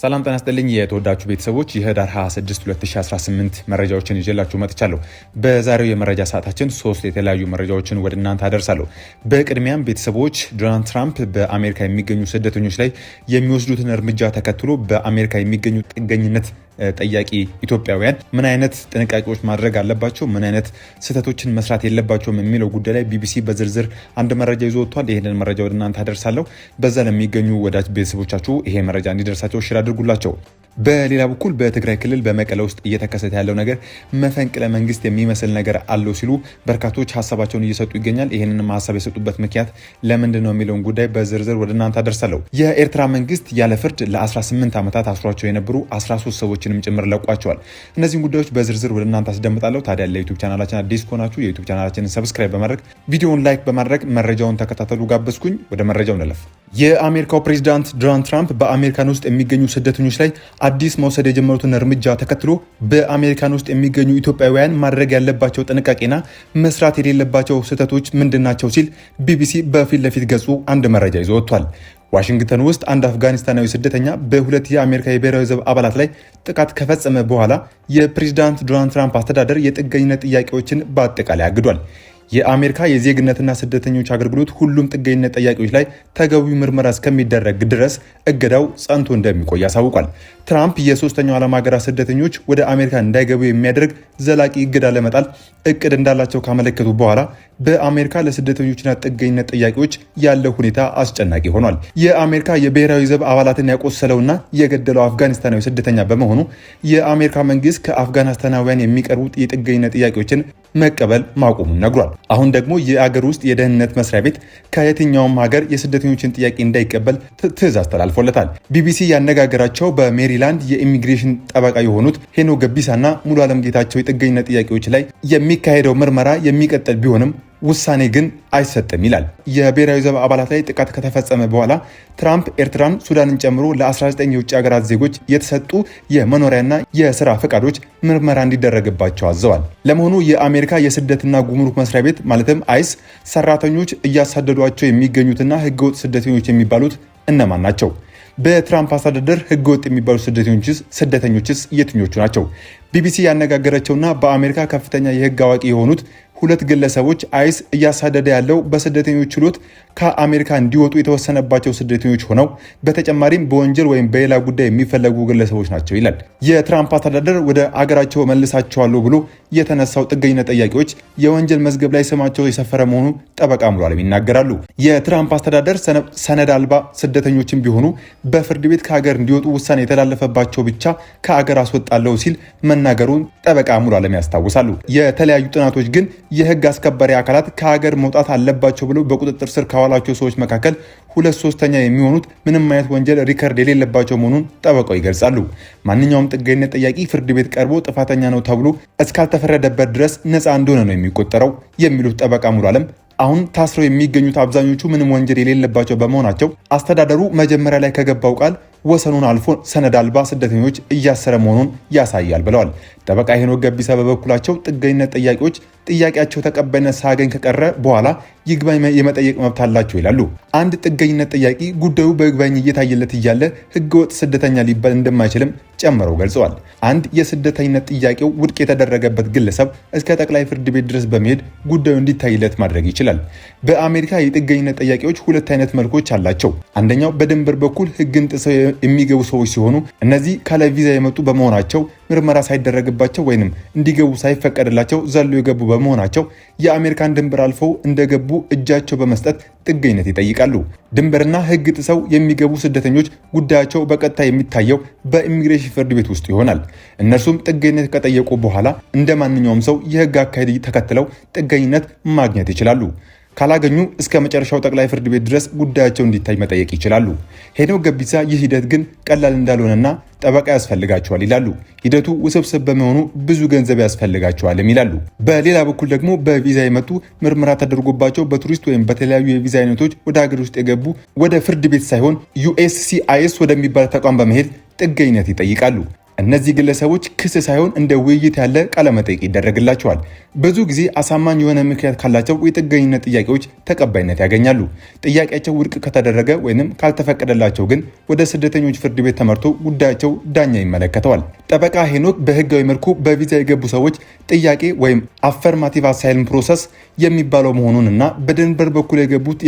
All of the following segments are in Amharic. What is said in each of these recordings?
ሰላም ጤና ይስጥልኝ የተወዳችሁ ቤተሰቦች የህዳር 26 2018 መረጃዎችን ይዤላችሁ መጥቻለሁ። በዛሬው የመረጃ ሰዓታችን ሶስት የተለያዩ መረጃዎችን ወደ እናንተ አደርሳለሁ። በቅድሚያም ቤተሰቦች ዶናልድ ትራምፕ በአሜሪካ የሚገኙ ስደተኞች ላይ የሚወስዱትን እርምጃ ተከትሎ በአሜሪካ የሚገኙ ጥገኝነት ጠያቂ ኢትዮጵያውያን ምን አይነት ጥንቃቄዎች ማድረግ አለባቸው፣ ምን አይነት ስህተቶችን መስራት የለባቸውም የሚለው ጉዳይ ላይ ቢቢሲ በዝርዝር አንድ መረጃ ይዞ ወጥቷል። ይህንን መረጃ ወደ እናንተ አደርሳለሁ። በዛ ለሚገኙ ወዳጅ ቤተሰቦቻችሁ ይሄ መረጃ እንዲደርሳቸው ሽር አድርጉላቸው። በሌላ በኩል በትግራይ ክልል በመቀለ ውስጥ እየተከሰተ ያለው ነገር መፈንቅለ መንግስት የሚመስል ነገር አለው ሲሉ በርካቶች ሀሳባቸውን እየሰጡ ይገኛል። ይህንንም ሀሳብ የሰጡበት ምክንያት ለምንድን ነው የሚለውን ጉዳይ በዝርዝር ወደ እናንተ አደርሳለሁ። የኤርትራ መንግስት ያለ ፍርድ ለ18 ዓመታት አስሯቸው የነበሩ 13 ሰዎች? ቪዲዮዎችንም ጭምር ለቋቸዋል። እነዚህን ጉዳዮች በዝርዝር ወደ እናንተ አስደምጣለሁ። ታዲያ ለዩቱብ ቻናላችን አዲስ ከሆናችሁ የዩቱብ ቻናላችንን ሰብስክራይብ በማድረግ ቪዲዮውን ላይክ በማድረግ መረጃውን ተከታተሉ ጋበዝኩኝ። ወደ መረጃው እንለፍ። የአሜሪካው ፕሬዚዳንት ዶናልድ ትራምፕ በአሜሪካን ውስጥ የሚገኙ ስደተኞች ላይ አዲስ መውሰድ የጀመሩትን እርምጃ ተከትሎ በአሜሪካን ውስጥ የሚገኙ ኢትዮጵያውያን ማድረግ ያለባቸው ጥንቃቄና መስራት የሌለባቸው ስህተቶች ምንድናቸው ሲል ቢቢሲ በፊት ለፊት ገጹ አንድ መረጃ ይዞ ወጥቷል። ዋሽንግተን ውስጥ አንድ አፍጋኒስታናዊ ስደተኛ በሁለት የአሜሪካ የብሔራዊ ዘብ አባላት ላይ ጥቃት ከፈጸመ በኋላ የፕሬዚዳንት ዶናልድ ትራምፕ አስተዳደር የጥገኝነት ጥያቄዎችን በአጠቃላይ አግዷል። የአሜሪካ የዜግነትና ስደተኞች አገልግሎት ሁሉም ጥገኝነት ጠያቂዎች ላይ ተገቢው ምርመራ እስከሚደረግ ድረስ እገዳው ጸንቶ እንደሚቆይ አሳውቋል። ትራምፕ የሶስተኛው ዓለም ሀገራት ስደተኞች ወደ አሜሪካ እንዳይገቡ የሚያደርግ ዘላቂ እገዳ ለመጣል እቅድ እንዳላቸው ካመለከቱ በኋላ በአሜሪካ ለስደተኞችና ጥገኝነት ጥያቄዎች ያለው ሁኔታ አስጨናቂ ሆኗል። የአሜሪካ የብሔራዊ ዘብ አባላትን ያቆሰለውና የገደለው አፍጋኒስታናዊ ስደተኛ በመሆኑ የአሜሪካ መንግስት ከአፍጋኒስታናውያን የሚቀርቡ የጥገኝነት ጥያቄዎችን መቀበል ማቆሙን ነግሯል። አሁን ደግሞ የአገር ውስጥ የደህንነት መስሪያ ቤት ከየትኛውም ሀገር የስደተኞችን ጥያቄ እንዳይቀበል ትዕዛዝ ተላልፎለታል። ቢቢሲ ያነጋገራቸው በሜሪ ኒውዚላንድ የኢሚግሬሽን ጠበቃ የሆኑት ሄኖ ገቢሳና ሙሉ አለም ጌታቸው የጥገኝነት ጥያቄዎች ላይ የሚካሄደው ምርመራ የሚቀጥል ቢሆንም ውሳኔ ግን አይሰጥም ይላል። የብሔራዊ ዘብ አባላት ላይ ጥቃት ከተፈጸመ በኋላ ትራምፕ ኤርትራን፣ ሱዳንን ጨምሮ ለ19 የውጭ ሀገራት ዜጎች የተሰጡ የመኖሪያና የስራ ፈቃዶች ምርመራ እንዲደረግባቸው አዘዋል። ለመሆኑ የአሜሪካ የስደትና ጉምሩክ መስሪያ ቤት ማለትም አይስ ሰራተኞች እያሳደዷቸው የሚገኙትና ህገወጥ ስደተኞች የሚባሉት እነማን ናቸው? በትራምፕ አስተዳደር ህገወጥ የሚባሉ ስደተኞችስ ስደተኞችስ የትኞቹ ናቸው? ቢቢሲ ያነጋገረቸውና በአሜሪካ ከፍተኛ የህግ አዋቂ የሆኑት ሁለት ግለሰቦች አይስ እያሳደደ ያለው በስደተኞች ችሎት ከአሜሪካ እንዲወጡ የተወሰነባቸው ስደተኞች ሆነው በተጨማሪም በወንጀል ወይም በሌላ ጉዳይ የሚፈለጉ ግለሰቦች ናቸው ይላል። የትራምፕ አስተዳደር ወደ አገራቸው መልሳቸዋለሁ ብሎ የተነሳው ጥገኝነት ጠያቂዎች የወንጀል መዝገብ ላይ ስማቸው የሰፈረ መሆኑ ጠበቃ ሙሉ ይናገራሉ። የትራምፕ አስተዳደር ሰነድ አልባ ስደተኞችን ቢሆኑ በፍርድ ቤት ከሀገር እንዲወጡ ውሳኔ የተላለፈባቸው ብቻ ከአገር አስወጣለሁ ሲል መናገሩን ጠበቃ ሙሉ ያስታውሳሉ። የተለያዩ ጥናቶች ግን የህግ አስከባሪ አካላት ከሀገር መውጣት አለባቸው ብለው በቁጥጥር ስር ካዋላቸው ሰዎች መካከል ሁለት ሶስተኛ የሚሆኑት ምንም አይነት ወንጀል ሪከርድ የሌለባቸው መሆኑን ጠበቃው ይገልጻሉ። ማንኛውም ጥገኝነት ጠያቂ ፍርድ ቤት ቀርቦ ጥፋተኛ ነው ተብሎ እስካልተፈረደበት ድረስ ነፃ እንደሆነ ነው የሚቆጠረው የሚሉት ጠበቃ ሙሉ አለም አሁን ታስረው የሚገኙት አብዛኞቹ ምንም ወንጀል የሌለባቸው በመሆናቸው አስተዳደሩ መጀመሪያ ላይ ከገባው ቃል ወሰኑን አልፎ ሰነድ አልባ ስደተኞች እያሰረ መሆኑን ያሳያል ብለዋል። ጠበቃ ሄኖክ ገቢሳ በበኩላቸው ጥገኝነት ጠያቂዎች ጥያቄያቸው ተቀባይነት ሳያገኝ ከቀረ በኋላ ይግባኝ የመጠየቅ መብት አላቸው ይላሉ። አንድ ጥገኝነት ጠያቂ ጉዳዩ በይግባኝ እየታየለት እያለ ህገወጥ ስደተኛ ሊባል እንደማይችልም ጨምረው ገልጸዋል። አንድ የስደተኝነት ጥያቄው ውድቅ የተደረገበት ግለሰብ እስከ ጠቅላይ ፍርድ ቤት ድረስ በመሄድ ጉዳዩ እንዲታይለት ማድረግ ይችላል። በአሜሪካ የጥገኝነት ጥያቄዎች ሁለት አይነት መልኮች አላቸው። አንደኛው በድንበር በኩል ህግን ጥሰው የሚገቡ ሰዎች ሲሆኑ እነዚህ ካለ ቪዛ የመጡ በመሆናቸው ምርመራ ሳይደረግባቸው ወይንም እንዲገቡ ሳይፈቀድላቸው ዘሎ የገቡ በመሆናቸው የአሜሪካን ድንበር አልፈው እንደገቡ እጃቸው በመስጠት ጥገኝነት ይጠይቃሉ። ድንበርና ሕግ ጥሰው የሚገቡ ስደተኞች ጉዳያቸው በቀጥታ የሚታየው በኢሚግሬሽን ፍርድ ቤት ውስጥ ይሆናል። እነርሱም ጥገኝነት ከጠየቁ በኋላ እንደ ማንኛውም ሰው የሕግ አካሄድ ተከትለው ጥገኝነት ማግኘት ይችላሉ። ካላገኙ እስከ መጨረሻው ጠቅላይ ፍርድ ቤት ድረስ ጉዳያቸው እንዲታይ መጠየቅ ይችላሉ። ሄኖክ ገቢሳ ይህ ሂደት ግን ቀላል እንዳልሆነና ጠበቃ ያስፈልጋቸዋል ይላሉ። ሂደቱ ውስብስብ በመሆኑ ብዙ ገንዘብ ያስፈልጋቸዋልም ይላሉ። በሌላ በኩል ደግሞ በቪዛ የመጡ ምርመራ ተደርጎባቸው በቱሪስት ወይም በተለያዩ የቪዛ አይነቶች ወደ ሀገር ውስጥ የገቡ ወደ ፍርድ ቤት ሳይሆን ዩኤስሲአይኤስ ወደሚባል ተቋም በመሄድ ጥገኝነት ይጠይቃሉ። እነዚህ ግለሰቦች ክስ ሳይሆን እንደ ውይይት ያለ ቃለመጠይቅ ይደረግላቸዋል። ብዙ ጊዜ አሳማኝ የሆነ ምክንያት ካላቸው የጥገኝነት ጥያቄዎች ተቀባይነት ያገኛሉ። ጥያቄያቸው ውድቅ ከተደረገ ወይም ካልተፈቀደላቸው ግን ወደ ስደተኞች ፍርድ ቤት ተመርቶ ጉዳያቸው ዳኛ ይመለከተዋል። ጠበቃ ሄኖክ በህጋዊ መልኩ በቪዛ የገቡ ሰዎች ጥያቄ ወይም አፈርማቲቭ አሳይልም ፕሮሰስ የሚባለው መሆኑን እና በድንበር በኩል የገቡት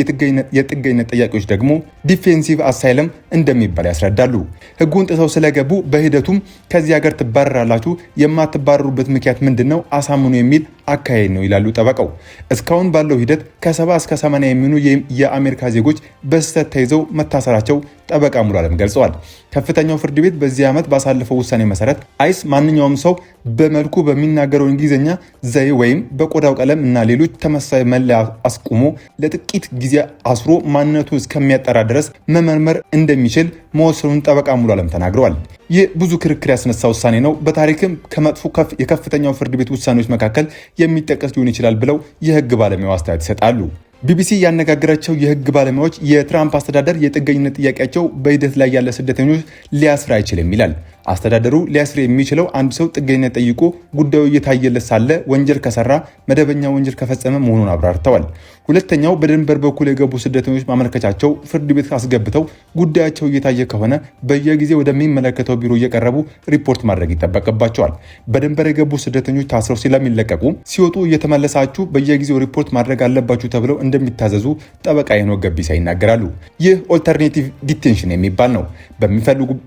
የጥገኝነት ጠያቂዎች ደግሞ ዲፌንሲቭ አሳይለም እንደሚባል ያስረዳሉ። ህጉን ጥሰው ስለገቡ በሂደቱም ከዚህ ሀገር ትባረራላችሁ፣ የማትባረሩበት ምክንያት ምንድን ነው አሳምኑ የሚል አካሄድ ነው ይላሉ ጠበቃው። እስካሁን ባለው ሂደት ከ70 እስከ 80 የሚሆኑ የአሜሪካ ዜጎች በስህተት ተይዘው መታሰራቸው ጠበቃ ሙሉ ገልጸዋል። ከፍተኛው ፍርድ ቤት በዚህ ዓመት ባሳለፈው ውሳኔ መሰረት አይስ ማንኛውም ሰው በመልኩ በሚናገረው እንግሊዝኛ ዘይ ወይም በቆዳው ቀለም እና ሌሎች ተመሳሳይ መለያ አስቁሞ ለጥቂት ጊዜ አስሮ ማንነቱ እስከሚያጠራ ድረስ መመርመር እንደሚችል መወሰኑን ጠበቃ ሙሉ አለም ተናግረዋል። ይህ ብዙ ክርክር ያስነሳ ውሳኔ ነው። በታሪክም ከመጥፎ የከፍተኛው ፍርድ ቤት ውሳኔዎች መካከል የሚጠቀስ ሊሆን ይችላል ብለው የህግ ባለሙያው አስተያየት ይሰጣሉ። ቢቢሲ ያነጋገራቸው የህግ ባለሙያዎች የትራምፕ አስተዳደር የጥገኝነት ጥያቄያቸው በሂደት ላይ ያለ ስደተኞች ሊያስር አይችልም ይላል። አስተዳደሩ ሊያስር የሚችለው አንድ ሰው ጥገኝነት ጠይቆ ጉዳዩ እየታየለት ሳለ ወንጀል ከሰራ፣ መደበኛ ወንጀል ከፈጸመ መሆኑን አብራርተዋል። ሁለተኛው በድንበር በኩል የገቡ ስደተኞች ማመልከቻቸው ፍርድ ቤት አስገብተው ጉዳያቸው እየታየ ከሆነ በየጊዜ ወደሚመለከተው ቢሮ እየቀረቡ ሪፖርት ማድረግ ይጠበቅባቸዋል። በድንበር የገቡ ስደተኞች ታስረው ስለሚለቀቁ ሲወጡ እየተመለሳችሁ በየጊዜው ሪፖርት ማድረግ አለባችሁ ተብለው እንደሚታዘዙ ጠበቃ የኖ ገቢሳ ይናገራሉ። ይህ ኦልተርኔቲቭ ዲቴንሽን የሚባል ነው።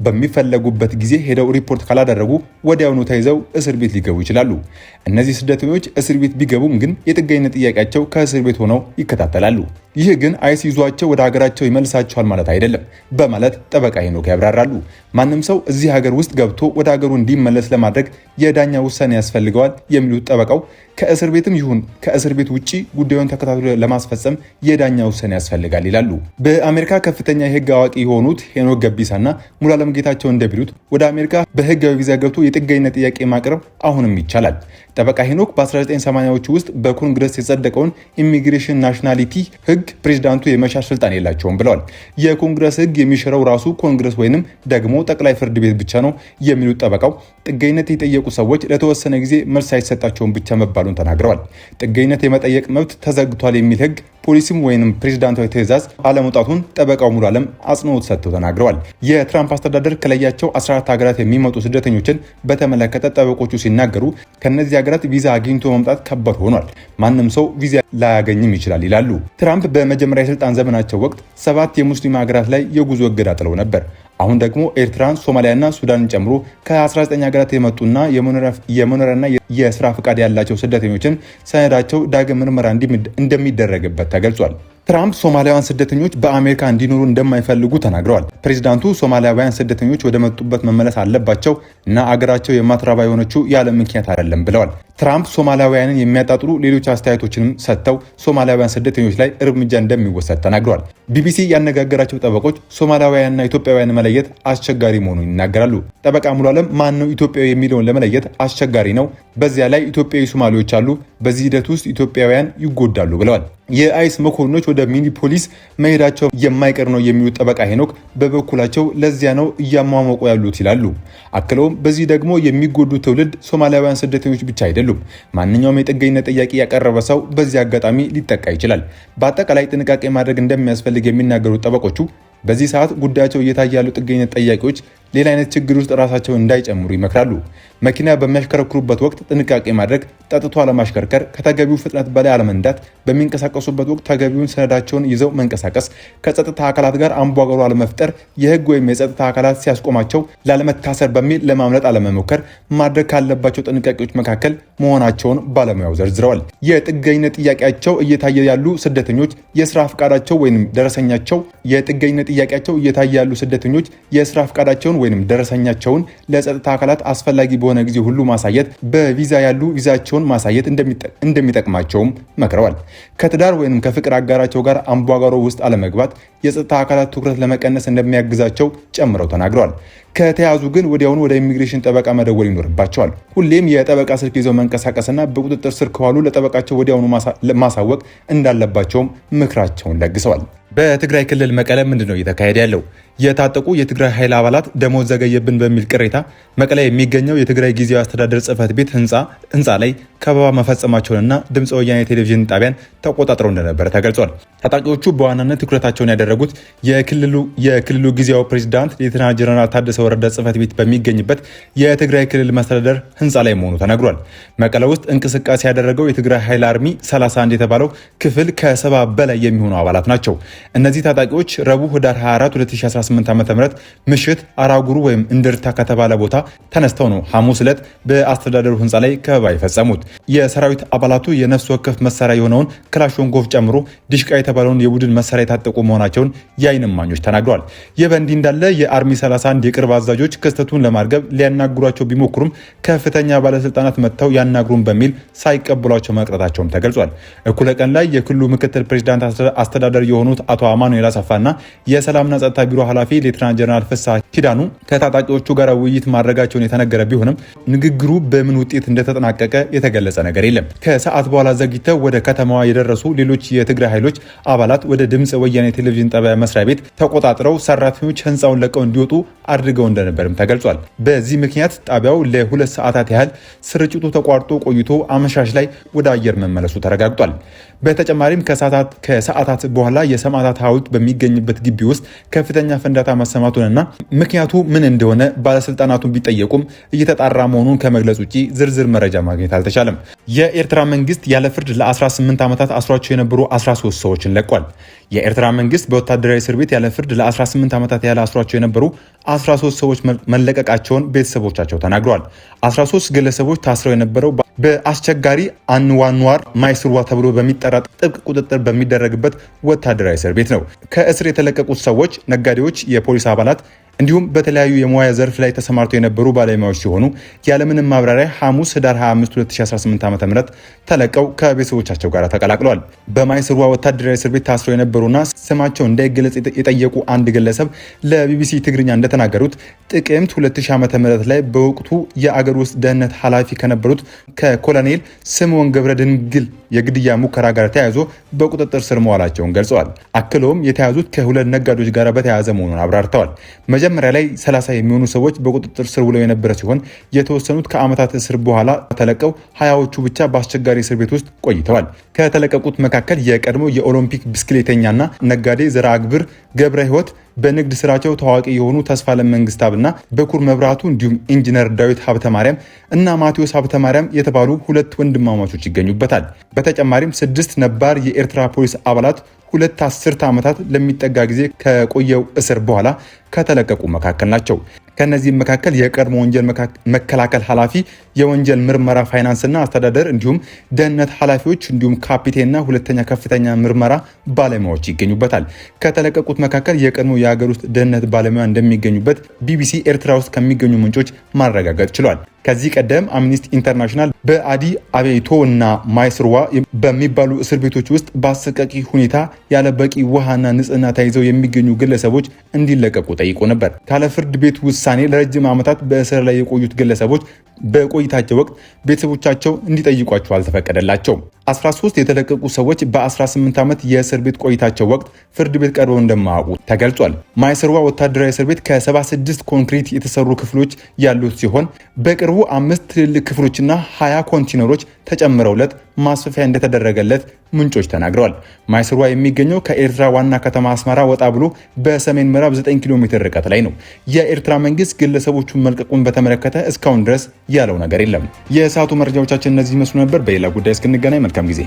በሚፈለጉበት ጊዜ ሄደው ሪፖርት ካላደረጉ ወዲያውኑ ተይዘው እስር ቤት ሊገቡ ይችላሉ። እነዚህ ስደተኞች እስር ቤት ቢገቡም ግን የጥገኝነት ጥያቄያቸው ከእስር ቤት ሆነው ይከታተላሉ። ይህ ግን አይስ ይዟቸው ወደ ሀገራቸው ይመልሳቸዋል ማለት አይደለም በማለት ጠበቃ ሄኖክ ያብራራሉ። ማንም ሰው እዚህ ሀገር ውስጥ ገብቶ ወደ ሀገሩ እንዲመለስ ለማድረግ የዳኛ ውሳኔ ያስፈልገዋል የሚሉት ጠበቃው ከእስር ቤትም ይሁን ከእስር ቤት ውጭ ጉዳዩን ተከታትሎ ለማስፈጸም የዳኛ ውሳኔ ያስፈልጋል ይላሉ። በአሜሪካ ከፍተኛ የህግ አዋቂ የሆኑት ሄኖክ ገቢሳና ሙሉዓለም ጌታቸው እንደሚሉት ወደ አሜሪካ በህጋዊ ቪዛ ገብቶ የጥገኝነት ጥያቄ ማቅረብ አሁንም ይቻላል። ጠበቃ ሄኖክ በ1980ዎቹ ውስጥ በኮንግረስ የጸደቀውን ኢሚግሬሽን ናሽናሊቲ ህግ ህግ ፕሬዚዳንቱ የመሻር ስልጣን የላቸውም ብለዋል። የኮንግረስ ህግ የሚሽረው ራሱ ኮንግረስ ወይንም ደግሞ ጠቅላይ ፍርድ ቤት ብቻ ነው የሚሉት ጠበቃው ጥገኝነት የጠየቁ ሰዎች ለተወሰነ ጊዜ መልስ አይሰጣቸውም ብቻ መባሉን ተናግረዋል። ጥገኝነት የመጠየቅ መብት ተዘግቷል የሚል ህግ ፖሊሲም ወይም ፕሬዚዳንታዊ ተዛዝ አለመውጣቱን ጠበቃው ሙሉ አለም አጽንኦት ሰጥተው ተናግረዋል። የትራምፕ አስተዳደር ከለያቸው 14 ሀገራት የሚመጡ ስደተኞችን በተመለከተ ጠበቆቹ ሲናገሩ ከእነዚህ ሀገራት ቪዛ አግኝቶ መምጣት ከባድ ሆኗል። ማንም ሰው ቪዛ ላያገኝም ይችላል ይላሉ። ትራምፕ በመጀመሪያ የስልጣን ዘመናቸው ወቅት ሰባት የሙስሊም ሀገራት ላይ የጉዞ እገዳ ጥለው ነበር። አሁን ደግሞ ኤርትራን፣ ሶማሊያና ሱዳንን ጨምሮ ከ19 ሀገራት የመጡና የመኖሪያና የስራ ፍቃድ ያላቸው ስደተኞችን ሰነዳቸው ዳግም ምርመራ እንደሚደረግበት ተገልጿል። ትራምፕ ሶማሊያውያን ስደተኞች በአሜሪካ እንዲኖሩ እንደማይፈልጉ ተናግረዋል። ፕሬዚዳንቱ ሶማሊያውያን ስደተኞች ወደ መጡበት መመለስ አለባቸው እና አገራቸው የማትራባ የሆነችው ያለ ምክንያት አይደለም ብለዋል። ትራምፕ ሶማሊያውያንን የሚያጣጥሉ ሌሎች አስተያየቶችንም ሰጥተው ሶማሊያውያን ስደተኞች ላይ እርምጃ እንደሚወሰድ ተናግረዋል። ቢቢሲ ያነጋገራቸው ጠበቆች ሶማሊያውያንና ኢትዮጵያውያን መለየት አስቸጋሪ መሆኑን ይናገራሉ። ጠበቃ ሙሉ አለም ማን ነው ኢትዮጵያዊ የሚለውን ለመለየት አስቸጋሪ ነው። በዚያ ላይ ኢትዮጵያዊ ሶማሌዎች አሉ። በዚህ ሂደት ውስጥ ኢትዮጵያውያን ይጎዳሉ ብለዋል። የአይስ መኮንኖች ወደ ሚኒፖሊስ መሄዳቸው የማይቀር ነው የሚሉት ጠበቃ ሄኖክ በበኩላቸው ለዚያ ነው እያሟሟቁ ያሉት ይላሉ። አክለውም በዚህ ደግሞ የሚጎዱ ትውልድ ሶማሊያውያን ስደተኞች ብቻ አይደሉም። ማንኛውም የጥገኝነት ጥያቄ ያቀረበ ሰው በዚህ አጋጣሚ ሊጠቃ ይችላል። በአጠቃላይ ጥንቃቄ ማድረግ እንደሚያስፈልግ የሚናገሩት ጠበቆቹ በዚህ ሰዓት ጉዳያቸው እየታየ ያሉ ጥገኝነት ጠያቂዎች ሌላ አይነት ችግር ውስጥ ራሳቸውን እንዳይጨምሩ ይመክራሉ። መኪና በሚያሽከረክሩበት ወቅት ጥንቃቄ ማድረግ ጠጥቶ አለማሽከርከር፣ ከተገቢው ፍጥነት በላይ አለመንዳት፣ በሚንቀሳቀሱበት ወቅት ተገቢውን ሰነዳቸውን ይዘው መንቀሳቀስ፣ ከጸጥታ አካላት ጋር አምቧገሩ አለመፍጠር፣ የህግ ወይም የጸጥታ አካላት ሲያስቆማቸው ላለመታሰር በሚል ለማምለጥ አለመሞከር ማድረግ ካለባቸው ጥንቃቄዎች መካከል መሆናቸውን ባለሙያው ዘርዝረዋል። የጥገኝነት ጥያቄያቸው እየታየ ያሉ ስደተኞች የስራ ፍቃዳቸው ወይም ደረሰኛቸው የጥገኝነት ጥያቄያቸው እየታየ ያሉ ስደተኞች የስራ ፍቃዳቸውን ወይም ደረሰኛቸውን ለጸጥታ አካላት አስፈላጊ በሆነ ጊዜ ሁሉ ማሳየት፣ በቪዛ ያሉ ቪዛቸው ፍቅራቸውን ማሳየት እንደሚጠቅማቸውም መክረዋል። ከትዳር ወይም ከፍቅር አጋራቸው ጋር አምባጓሮ ውስጥ አለመግባት የጸጥታ አካላት ትኩረት ለመቀነስ እንደሚያግዛቸው ጨምረው ተናግረዋል። ከተያዙ ግን ወዲያውኑ ወደ ኢሚግሬሽን ጠበቃ መደወል ይኖርባቸዋል። ሁሌም የጠበቃ ስልክ ይዘው መንቀሳቀስና በቁጥጥር ስር ከዋሉ ለጠበቃቸው ወዲያውኑ ማሳወቅ እንዳለባቸውም ምክራቸውን ለግሰዋል። በትግራይ ክልል መቀለ ምንድን ነው እየተካሄደ ያለው? የታጠቁ የትግራይ ኃይል አባላት ደሞዝ ዘገየብን በሚል ቅሬታ መቀለ የሚገኘው የትግራይ ጊዜያዊ አስተዳደር ጽህፈት ቤት ህንፃ ላይ ከበባ መፈጸማቸውንና ድምፀ ወያኔ ቴሌቪዥን ጣቢያን ተቆጣጥረው እንደነበረ ተገልጿል። ታጣቂዎቹ በዋናነት ትኩረታቸውን ያደረጉት የክልሉ ጊዜያዊ ፕሬዚዳንት ሌተና ጀነራል ታደሰ ወረደ ጽህፈት ቤት በሚገኝበት የትግራይ ክልል መስተዳደር ህንፃ ላይ መሆኑ ተነግሯል። መቀሌ ውስጥ እንቅስቃሴ ያደረገው የትግራይ ኃይል አርሚ 31 የተባለው ክፍል ከሰባ በላይ የሚሆኑ አባላት ናቸው። እነዚህ ታጣቂዎች ረቡዕ ህዳር 24 2018 ዓ ም ምሽት አራጉሩ ወይም እንድርታ ከተባለ ቦታ ተነስተው ነው ሐሙስ ዕለት በአስተዳደሩ ህንፃ ላይ ከበባ የፈጸሙት። የሰራዊት አባላቱ የነፍስ ወከፍ መሳሪያ የሆነውን ክላሽንኮቭ ጨምሮ ዲሽቃ የተባለውን የቡድን መሳሪያ የታጠቁ መሆናቸውን የአይን እማኞች ተናግረዋል። ይህ በእንዲህ እንዳለ የአርሚ 31 የቅርብ አዛዦች ክስተቱን ለማርገብ ሊያናግሯቸው ቢሞክሩም ከፍተኛ ባለስልጣናት መጥተው ያናግሩን በሚል ሳይቀበሏቸው መቅረታቸውም ተገልጿል። እኩለ ቀን ላይ የክልሉ ምክትል ፕሬዚዳንት አስተዳደር የሆኑት አቶ አማኑኤል አሰፋና የሰላምና ጸጥታ ቢሮ ኃላፊ ሌትናንት ጀነራል ፍስሐ ኪዳኑ ከታጣቂዎቹ ጋር ውይይት ማድረጋቸውን የተነገረ ቢሆንም ንግግሩ በምን ውጤት እንደተጠናቀቀ የተገለጸ ነገር የለም። ከሰዓት በኋላ ዘግይተው ወደ ከተማዋ የደረሱ ሌሎች የትግራይ ኃይሎች አባላት ወደ ድምፅ ወያኔ ቴሌቪዥን ጣቢያ መስሪያ ቤት ተቆጣጥረው ሰራተኞች ህንፃውን ለቀው እንዲወጡ አድርገው እንደነበርም ተገልጿል። በዚህ ምክንያት ጣቢያው ለሁለት ሰዓታት ያህል ስርጭቱ ተቋርጦ ቆይቶ አመሻሽ ላይ ወደ አየር መመለሱ ተረጋግጧል። በተጨማሪም ከሰዓታት በኋላ የሰማዕታት ሐውልት በሚገኝበት ግቢ ውስጥ ከፍተኛ ፍንዳታ መሰማቱንና ምክንያቱ ምን እንደሆነ ባለስልጣናቱን ቢጠየቁም እየተጣራ መሆኑን ከመግለጽ ውጭ ዝርዝር መረጃ ማግኘት አልተቻለም። የኤርትራ መንግስት ያለ ፍርድ ለ18 ዓመታት አስሯቸው የነበሩ 13 ሰዎችን ለቋል። የኤርትራ መንግስት በወታደራዊ እስር ቤት ያለ ፍርድ ለ18 ዓመታት ያህል አስሯቸው የነበሩ 13 ሰዎች መለቀቃቸውን ቤተሰቦቻቸው ተናግረዋል። 13 ግለሰቦች ታስረው የነበረው በአስቸጋሪ አንዋኗር ማይስርዋ ተብሎ በሚጠራ ጥብቅ ቁጥጥር በሚደረግበት ወታደራዊ እስር ቤት ነው። ከእስር የተለቀቁት ሰዎች ነጋዴዎች፣ የፖሊስ አባላት እንዲሁም በተለያዩ የሙያ ዘርፍ ላይ ተሰማርተው የነበሩ ባለሙያዎች ሲሆኑ ያለምንም ማብራሪያ ሐሙስ ህዳር 25 2018 ዓ.ም ም ተለቀው ከቤተሰቦቻቸው ጋር ተቀላቅለዋል። በማይስሩዋ ወታደራዊ እስር ቤት ታስረው የነበሩና ስማቸው እንዳይገለጽ የጠየቁ አንድ ግለሰብ ለቢቢሲ ትግርኛ እንደተናገሩት ጥቅምት 2000 ዓ ም ላይ በወቅቱ የአገር ውስጥ ደህንነት ኃላፊ ከነበሩት ከኮሎኔል ስምዖን ገብረ ድንግል የግድያ ሙከራ ጋር ተያይዞ በቁጥጥር ስር መዋላቸውን ገልጸዋል። አክለውም የተያዙት ከሁለት ነጋዴዎች ጋር በተያያዘ መሆኑን አብራርተዋል። መጀመሪያ ላይ 30 የሚሆኑ ሰዎች በቁጥጥር ስር ውለው የነበረ ሲሆን የተወሰኑት ከዓመታት እስር በኋላ ተለቀው ሀያዎቹ ብቻ በአስቸጋሪ እስር ቤት ውስጥ ቆይተዋል። ከተለቀቁት መካከል የቀድሞ የኦሎምፒክ ብስክሌተኛና ነጋዴ ዘርአግብር ገብረ ሕይወት በንግድ ስራቸው ታዋቂ የሆኑ ተስፋለም መንግስታብና በኩር መብራቱ እንዲሁም ኢንጂነር ዳዊት ሀብተማርያም እና ማቴዎስ ሀብተማርያም የተባሉ ሁለት ወንድማማቾች ይገኙበታል። በተጨማሪም ስድስት ነባር የኤርትራ ፖሊስ አባላት ሁለት አስርተ ዓመታት ለሚጠጋ ጊዜ ከቆየው እስር በኋላ ከተለቀቁ መካከል ናቸው። ከእነዚህም መካከል የቀድሞ ወንጀል መከላከል ኃላፊ፣ የወንጀል ምርመራ ፋይናንስና አስተዳደር እንዲሁም ደህንነት ኃላፊዎች እንዲሁም ካፒቴንና ሁለተኛ ከፍተኛ ምርመራ ባለሙያዎች ይገኙበታል። ከተለቀቁት መካከል የቀድሞ የሀገር ውስጥ ደህንነት ባለሙያ እንደሚገኙበት ቢቢሲ ኤርትራ ውስጥ ከሚገኙ ምንጮች ማረጋገጥ ችሏል። ከዚህ ቀደም አምኒስቲ ኢንተርናሽናል በአዲ አቤቶ እና ማይስርዋ በሚባሉ እስር ቤቶች ውስጥ በአሰቃቂ ሁኔታ ያለበቂ ውሃና ንጽህና ተይዘው የሚገኙ ግለሰቦች እንዲለቀቁ ጠይቆ ነበር። ካለ ፍርድ ቤት ውሳኔ ለረጅም ዓመታት በእስር ላይ የቆዩት ግለሰቦች በቆይታቸው ወቅት ቤተሰቦቻቸው እንዲጠይቋቸው አልተፈቀደላቸውም። 13 የተለቀቁ ሰዎች በ18 ዓመት የእስር ቤት ቆይታቸው ወቅት ፍርድ ቤት ቀርበው እንደማያውቁ ተገልጿል። ማይሰርዋ ወታደራዊ እስር ቤት ከ76 ኮንክሪት የተሰሩ ክፍሎች ያሉት ሲሆን በቅርቡ በቅርቡ አምስት ትልልቅ ክፍሎችና ሀያ ኮንቴነሮች ተጨምረውለት ማስፋፊያ እንደተደረገለት ምንጮች ተናግረዋል። ማይስዋ የሚገኘው ከኤርትራ ዋና ከተማ አስመራ ወጣ ብሎ በሰሜን ምዕራብ 9 ኪሎ ሜትር ርቀት ላይ ነው። የኤርትራ መንግስት ግለሰቦቹን መልቀቁን በተመለከተ እስካሁን ድረስ ያለው ነገር የለም። የሰዓቱ መረጃዎቻችን እነዚህ ይመስሉ ነበር። በሌላ ጉዳይ እስክንገናኝ መልካም ጊዜ